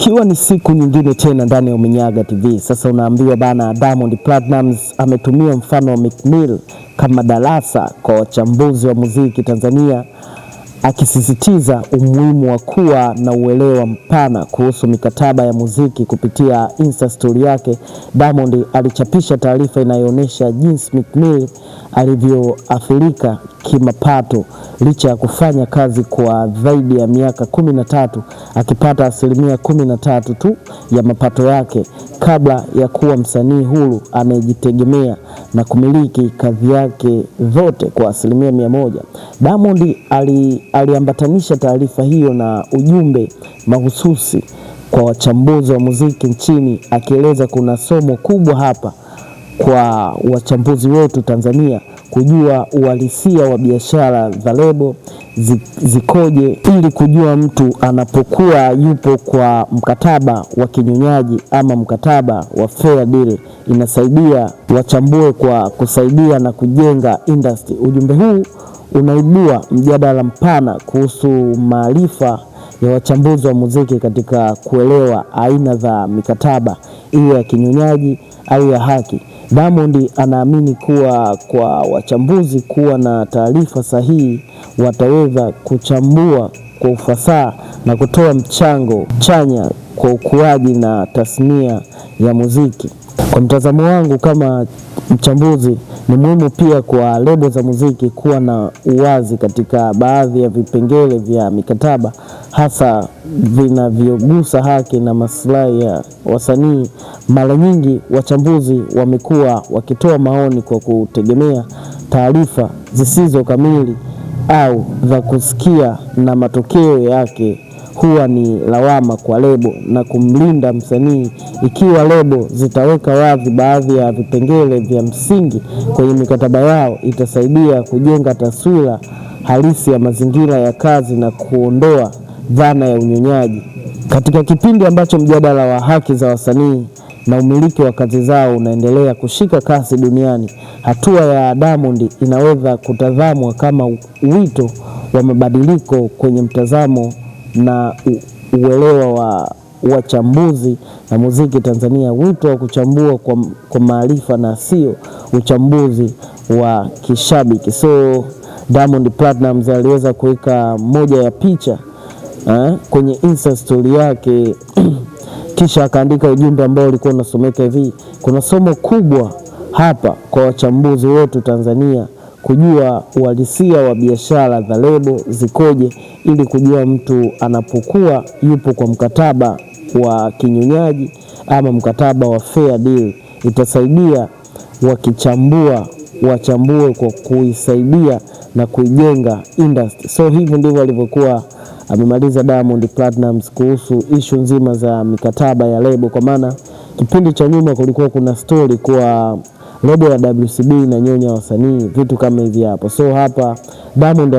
Ikiwa ni siku nyingine tena ndani ya Uminyaga TV. Sasa unaambiwa bana, Diamond Platnumz ametumia mfano wa Meek Mill kama darasa kwa wachambuzi wa muziki Tanzania, akisisitiza umuhimu wa kuwa na uelewa mpana kuhusu mikataba ya muziki. Kupitia Insta story yake, Diamond alichapisha taarifa inayoonyesha jinsi Meek Mill alivyoathirika kimapato licha ya kufanya kazi kwa zaidi ya miaka kumi na tatu akipata asilimia kumi na tatu tu ya mapato yake kabla ya kuwa msanii huru anayejitegemea na kumiliki kazi yake zote kwa asilimia mia moja. Diamond ali, aliambatanisha taarifa hiyo na ujumbe mahususi kwa wachambuzi wa muziki nchini akieleza kuna somo kubwa hapa kwa wachambuzi wetu Tanzania kujua uhalisia wa biashara za lebo zikoje, ili kujua mtu anapokuwa yupo kwa mkataba wa kinyonyaji ama mkataba wa fair deal, inasaidia wachambue kwa kusaidia na kujenga industry. Ujumbe huu unaibua mjadala mpana kuhusu maarifa ya wachambuzi wa muziki katika kuelewa aina za mikataba, iwe ya kinyonyaji au ya haki. Diamond anaamini kuwa kwa wachambuzi kuwa na taarifa sahihi wataweza kuchambua kwa ufasaha na kutoa mchango chanya kwa ukuaji na tasnia ya muziki. Kwa mtazamo wangu kama mchambuzi, ni muhimu pia kwa lebo za muziki kuwa na uwazi katika baadhi ya vipengele vya mikataba, hasa vinavyogusa haki na maslahi ya wasanii mara nyingi wachambuzi wamekuwa wakitoa maoni kwa kutegemea taarifa zisizo kamili au za kusikia, na matokeo yake huwa ni lawama kwa lebo na kumlinda msanii. Ikiwa lebo zitaweka wazi baadhi ya vipengele vya msingi kwenye mikataba yao, itasaidia kujenga taswira halisi ya mazingira ya kazi na kuondoa dhana ya unyonyaji. Katika kipindi ambacho mjadala wa haki za wasanii na umiliki wa kazi zao unaendelea kushika kasi duniani, hatua ya Diamond inaweza kutazamwa kama wito wa mabadiliko kwenye mtazamo na uelewa wa wachambuzi na muziki Tanzania, wito wa kuchambua kwa, kwa maarifa na sio uchambuzi wa kishabiki. So Diamond Platnumz aliweza kuweka moja ya picha eh, kwenye Insta story yake kisha akaandika ujumbe ambao ulikuwa unasomeka hivi: kuna somo kubwa hapa kwa wachambuzi wetu Tanzania kujua uhalisia wa biashara za lebo zikoje, ili kujua mtu anapokuwa yupo kwa mkataba wa kinyonyaji ama mkataba wa fair deal, itasaidia wakichambua wachambue kwa kuisaidia na kuijenga industry. So hivi ndivyo alivyokuwa amemaliza Diamond Platnumz kuhusu ishu nzima za mikataba ya lebo, kwa maana kipindi cha nyuma kulikuwa kuna stori kuwa lebo ya WCB inanyonya wasanii, vitu kama hivi hapo. So hapa Diamond